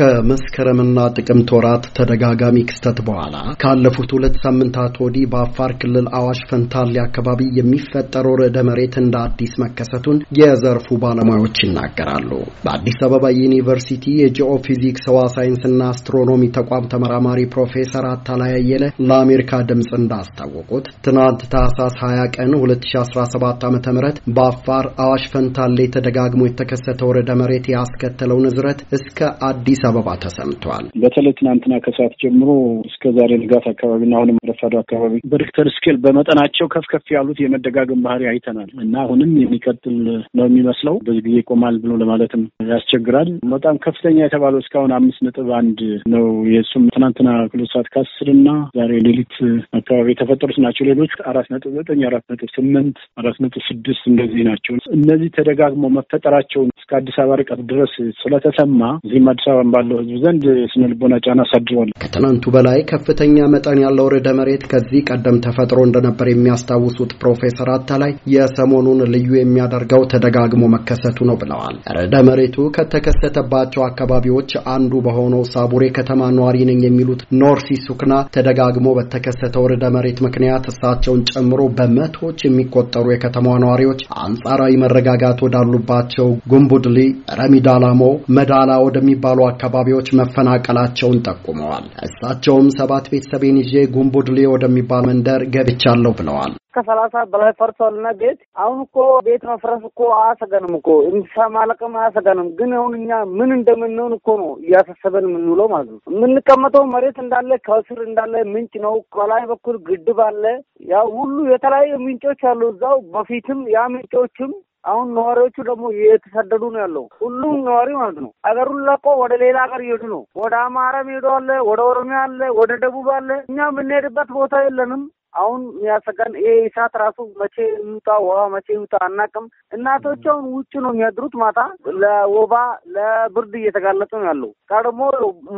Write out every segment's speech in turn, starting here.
ከመስከረምና ጥቅምት ወራት ተደጋጋሚ ክስተት በኋላ ካለፉት ሁለት ሳምንታት ወዲህ በአፋር ክልል አዋሽ ፈንታሌ አካባቢ የሚፈጠረው ርዕደ መሬት እንደ አዲስ መከሰቱን የዘርፉ ባለሙያዎች ይናገራሉ። በአዲስ አበባ ዩኒቨርሲቲ የጂኦፊዚክስ ህዋ ሳይንስና አስትሮኖሚ ተቋም ተመራማሪ ፕሮፌሰር አታላይ አየለ ለአሜሪካ ድምፅ እንዳስታወቁት ትናንት ታህሳስ 20 ቀን 2017 ዓ ም በአፋር አዋሽ ፈንታሌ ተደጋግሞ የተከሰተው ርዕደ መሬት ያስከተለው ንዝረት እስከ አዲስ አበባ ተሰምተዋል። በተለይ ትናንትና ከሰዓት ጀምሮ እስከ ዛሬ ንጋት አካባቢና አሁንም ረፋዱ አካባቢ በሪክተር ስኬል በመጠናቸው ከፍ ከፍ ያሉት የመደጋገም ባህሪ አይተናል እና አሁንም የሚቀጥል ነው የሚመስለው። በዚህ ጊዜ ይቆማል ብሎ ለማለትም ያስቸግራል። በጣም ከፍተኛ የተባለው እስካሁን አምስት ነጥብ አንድ ነው። የእሱም ትናንትና ሁለት ሰዓት ከአስር እና ዛሬ ሌሊት አካባቢ የተፈጠሩት ናቸው። ሌሎች አራት ነጥብ ዘጠኝ አራት ነጥብ ስምንት አራት ነጥብ ስድስት እንደዚህ ናቸው። እነዚህ ተደጋግሞ መፈጠራቸውን እስከ አዲስ አበባ ርቀት ድረስ ስለተሰማ እዚህም አዲስ አበባ ባለው ህዝብ ዘንድ ስነ ልቦና ጫና አሳድሯል። ከትናንቱ በላይ ከፍተኛ መጠን ያለው ርዕደ መሬት ከዚህ ቀደም ተፈጥሮ እንደነበር የሚያስታውሱት ፕሮፌሰር አታላይ የሰሞኑን ልዩ የሚያደርገው ተደጋግሞ መከሰቱ ነው ብለዋል። ርዕደ መሬቱ ከተከሰተባቸው አካባቢዎች አንዱ በሆነው ሳቡሬ ከተማ ነዋሪ ነኝ የሚሉት ኖርሲ ሱክና ተደጋግሞ በተከሰተው ርዕደ መሬት ምክንያት እሳቸውን ጨምሮ በመቶዎች የሚቆጠሩ የከተማ ነዋሪዎች አንጻራዊ መረጋጋት ወዳሉባቸው ጉንቡ ጉድሊ፣ ረሚዳላሞ፣ መዳላ ወደሚባሉ አካባቢዎች መፈናቀላቸውን ጠቁመዋል። እሳቸውም ሰባት ቤተሰቤን ይዤ ጉምቡድሊ ወደሚባል መንደር ገብቻለሁ ብለዋል። ከሰላሳ በላይ ፈርሷልና ቤት አሁን እኮ ቤት መፍረስ እኮ አያሰገንም እኮ እንስሳ ማለቅም አያሰገንም። ግን አሁን እኛ ምን እንደምንሆን እኮ ነው እያሳሰበን የምንውለው ማለት ነው። የምንቀመጠው መሬት እንዳለ ከስር እንዳለ ምንጭ ነው። ከላይ በኩል ግድብ አለ። ያ ሁሉ የተለያዩ ምንጮች አሉ እዛው በፊትም ያ ምንጮችም አሁን ነዋሪዎቹ ደግሞ እየተሰደዱ ነው ያለው። ሁሉም ነዋሪ ማለት ነው አገሩን ለቆ ወደ ሌላ ሀገር እየሄዱ ነው። ወደ አማራም ሄዶ አለ፣ ወደ ኦሮሚያ አለ፣ ወደ ደቡብ አለ። እኛ የምንሄድበት ቦታ የለንም። አሁን የሚያሰጋን ይሄ እሳት ራሱ መቼ ይውጣ ውሃ መቼ ይውጣ አናቅም። እናቶቻውን ውጭ ነው የሚያድሩት። ማታ ለወባ ለብርድ እየተጋለጡ ነው ያለው። ቀድሞ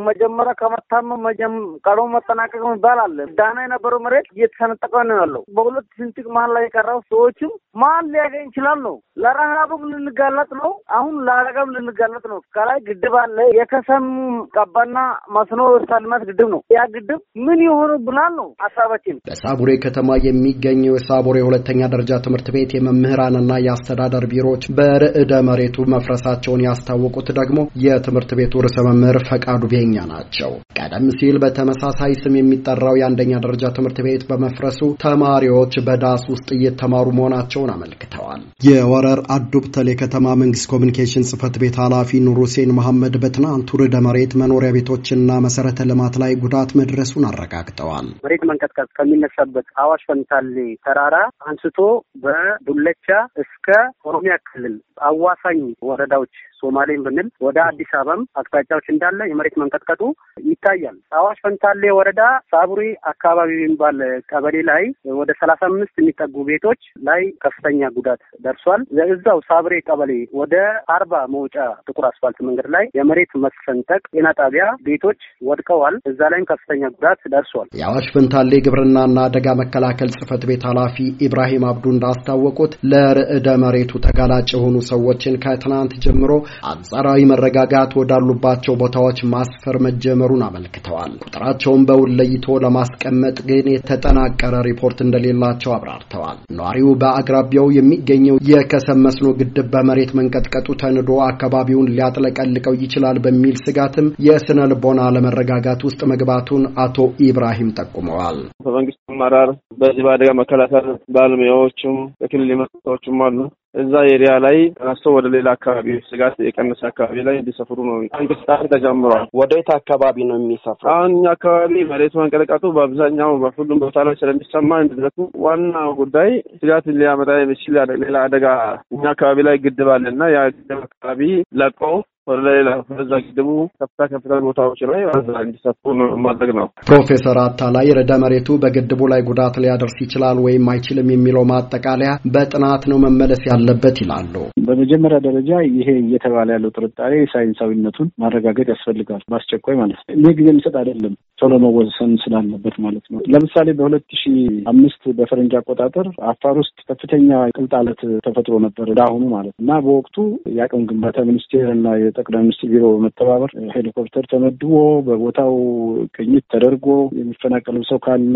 መጀመሪያ ከመታመም ቀድሞ መጠናቀቅ የሚባል አለ። ዳና የነበረው መሬት እየተሰነጠቀ ነው ያለው። በሁለት ስንጥቅ መሀል ላይ የቀረው ሰዎችም ማን ሊያገኝ ይችላል ነው። ለረሃብም ልንጋለጥ ነው። አሁን ለአደጋም ልንጋለጥ ነው። ከላይ ግድብ አለ። የከሰም ቀባና መስኖ ሳልማት ግድብ ነው። ያ ግድብ ምን የሆኑ ብላል ነው ሀሳባችን በቡሬ ከተማ የሚገኘው የሳቡሬ ሁለተኛ ደረጃ ትምህርት ቤት የመምህራንና የአስተዳደር ቢሮዎች በርዕደ መሬቱ መፍረሳቸውን ያስታወቁት ደግሞ የትምህርት ቤቱ ርዕሰ መምህር ፈቃዱ ቤኛ ናቸው። ቀደም ሲል በተመሳሳይ ስም የሚጠራው የአንደኛ ደረጃ ትምህርት ቤት በመፍረሱ ተማሪዎች በዳስ ውስጥ እየተማሩ መሆናቸውን አመልክተዋል። የወረር አዱብተል የከተማ መንግስት ኮሚኒኬሽን ጽህፈት ቤት ኃላፊ ኑር ሁሴን መሐመድ በትናንቱ ርዕደ መሬት መኖሪያ ቤቶችና መሰረተ ልማት ላይ ጉዳት መድረሱን አረጋግጠዋል። መሬት መንቀጥቀጥ ከሚነሳ ካለበት አዋሽ ፈንታሌ ተራራ አንስቶ በዱለቻ እስከ ኦሮሚያ ክልል አዋሳኝ ወረዳዎች ሶማሌን ብንል ወደ አዲስ አበባም አቅጣጫዎች እንዳለ የመሬት መንቀጥቀጡ ይታያል። አዋሽ ፈንታሌ ወረዳ ሳቡሪ አካባቢ የሚባል ቀበሌ ላይ ወደ ሰላሳ አምስት የሚጠጉ ቤቶች ላይ ከፍተኛ ጉዳት ደርሷል። እዛው ሳቡሬ ቀበሌ ወደ አርባ መውጫ ጥቁር አስፋልት መንገድ ላይ የመሬት መሰንጠቅ ጤና ጣቢያ ቤቶች ወድቀዋል። እዛ ላይም ከፍተኛ ጉዳት ደርሷል። የአዋሽ ፈንታሌ ግብርናና አደጋ መከላከል ጽህፈት ቤት ኃላፊ ኢብራሂም አብዱ እንዳስታወቁት ለርዕደ መሬቱ ተጋላጭ የሆኑ ሰዎችን ከትናንት ጀምሮ አንጻራዊ መረጋጋት ወዳሉባቸው ቦታዎች ማስፈር መጀመሩን አመልክተዋል። ቁጥራቸውን በውል ለይቶ ለማስቀመጥ ግን የተጠናቀረ ሪፖርት እንደሌላቸው አብራርተዋል። ነዋሪው በአቅራቢያው የሚገኘው የከሰም መስኖ ግድብ በመሬት መንቀጥቀጡ ተንዶ አካባቢውን ሊያጥለቀልቀው ይችላል በሚል ስጋትም የስነ ልቦና አለመረጋጋት ውስጥ መግባቱን አቶ ኢብራሂም ጠቁመዋል። በመንግስት አመራር በዚህ በአደጋ መከላከል ባለሙያዎችም በክልል የመጣዎችም አሉ እዛ ኤሪያ ላይ ተነስተው ወደ ሌላ አካባቢ ስጋት የቀነሰ አካባቢ ላይ እንዲሰፍሩ ነው እንቅስቃሴ ተጀምሯል። ወዴት አካባቢ ነው የሚሰፍሩ? አሁን እኛ አካባቢ መሬቱ መንቀለቀቱ በአብዛኛው በሁሉም ቦታ ላይ ስለሚሰማ እንድነቱ ዋና ጉዳይ ስጋት ሊያመጣ የሚችል ሌላ አደጋ እኛ አካባቢ ላይ ግድብ አለ እና ያ ግድብ አካባቢ ለቆ ወደ ሌላ በዛ ግድቡ ከፍታ ከፍታ ቦታዎች ላይ እንዲሰፍሩ ማድረግ ነው። ፕሮፌሰር አታ ላይ ረደ መሬቱ በግድቡ ላይ ጉዳት ሊያደርስ ይችላል ወይም አይችልም የሚለው ማጠቃለያ በጥናት ነው መመለስ ያለ አለበት ይላሉ። በመጀመሪያ ደረጃ ይሄ እየተባለ ያለው ጥርጣሬ ሳይንሳዊነቱን ማረጋገጥ ያስፈልጋል። በአስቸኳይ ማለት ነው። ይህ ጊዜ የሚሰጥ አይደለም፣ ቶሎ መወሰን ስላለበት ማለት ነው። ለምሳሌ በሁለት ሺ አምስት በፈረንጅ አቆጣጠር አፋር ውስጥ ከፍተኛ ቅልጣለት ተፈጥሮ ነበር፣ እንዳሁኑ ማለት እና በወቅቱ የአቅም ግንባታ ሚኒስቴር እና የጠቅላይ ሚኒስትር ቢሮ በመተባበር ሄሊኮፕተር ተመድቦ በቦታው ቅኝት ተደርጎ የሚፈናቀልም ሰው ካለ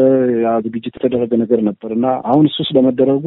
ዝግጅት የተደረገ ነገር ነበር እና አሁን እሱ ስለመደረጉ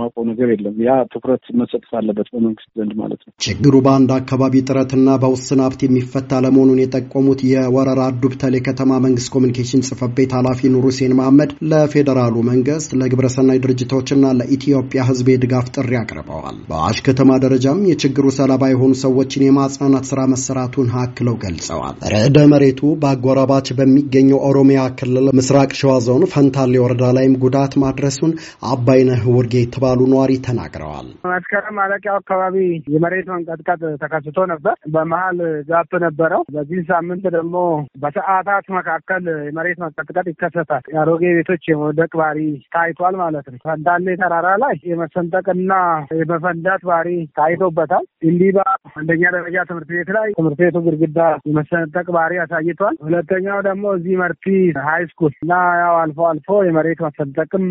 ማውቀው ነገር የለም። ያ ትኩረት ትኩረት መሰጠት አለበት በመንግስት ዘንድ ማለት ነው። ችግሩ በአንድ አካባቢ ጥረትና በውስን ሀብት የሚፈታ ለመሆኑን የጠቆሙት የወረራ ዱብተሌ ከተማ መንግስት ኮሚኒኬሽን ጽህፈት ቤት ኃላፊ ኑር ሁሴን መሐመድ ለፌዴራሉ መንግስት ለግብረሰናይ ድርጅቶችና ለኢትዮጵያ ህዝብ የድጋፍ ጥሪ አቅርበዋል። በአሽ ከተማ ደረጃም የችግሩ ሰለባ የሆኑ ሰዎችን የማጽናናት ስራ መሰራቱን አክለው ገልጸዋል። ርዕደ መሬቱ በአጎራባች በሚገኘው ኦሮሚያ ክልል ምስራቅ ሸዋ ዞን ፈንታሌ ወረዳ ላይም ጉዳት ማድረሱን አባይነህ ውርጌ የተባሉ ነዋሪ ተናግረዋል። መስከረም ማለቂያው አካባቢ የመሬት መንቀጥቀጥ ተከስቶ ነበር። በመሀል ጋፕ ነበረው። በዚህ ሳምንት ደግሞ በሰዓታት መካከል የመሬት መንቀጥቀጥ ይከሰታል። የአሮጌ ቤቶች የመውደቅ ባህሪ ታይቷል ማለት ነው። ፈንታሌ ተራራ ላይ የመሰንጠቅና የመፈንዳት ባህሪ ታይቶበታል። እንዲባ አንደኛ ደረጃ ትምህርት ቤት ላይ ትምህርት ቤቱ ግድግዳ የመሰንጠቅ ባህሪ አሳይቷል። ሁለተኛው ደግሞ እዚህ መርቲ ሀይ ስኩል እና ያው አልፎ አልፎ የመሬት መሰንጠቅም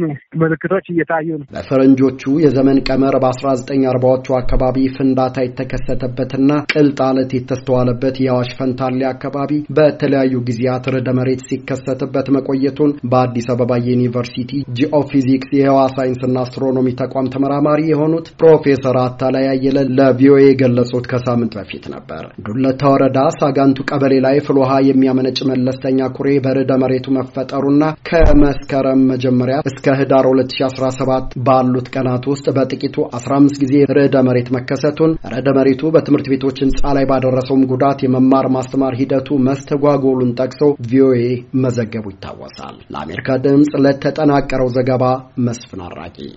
ምልክቶች እየታዩ ነው። በፈረንጆቹ የዘመን ቀመር በአስራ በ1940ዎቹ አካባቢ ፍንዳታ የተከሰተበትና ቅልጥ አለት የተስተዋለበት የአዋሽ ፈንታሌ አካባቢ በተለያዩ ጊዜያት ርዕደ መሬት ሲከሰትበት መቆየቱን በአዲስ አበባ ዩኒቨርሲቲ ጂኦፊዚክስ የህዋ ሳይንስና አስትሮኖሚ ተቋም ተመራማሪ የሆኑት ፕሮፌሰር አታላይ አየለ ለቪኦኤ የገለጹት ከሳምንት በፊት ነበር። ዱለታ ወረዳ ሳጋንቱ ቀበሌ ላይ ፍል ውሃ የሚያመነጭ መለስተኛ ኩሬ በርዕደ መሬቱ መፈጠሩና ከመስከረም መጀመሪያ እስከ ህዳር 2017 ባሉት ቀናት ውስጥ በጥቂቱ 1 አምስት ጊዜ ርዕደ መሬት መከሰቱን ርዕደ መሬቱ በትምህርት ቤቶች ህንፃ ላይ ባደረሰውም ጉዳት የመማር ማስተማር ሂደቱ መስተጓጎሉን ጠቅሶ ቪኦኤ መዘገቡ ይታወሳል። ለአሜሪካ ድምፅ ለተጠናቀረው ዘገባ መስፍን አራቂ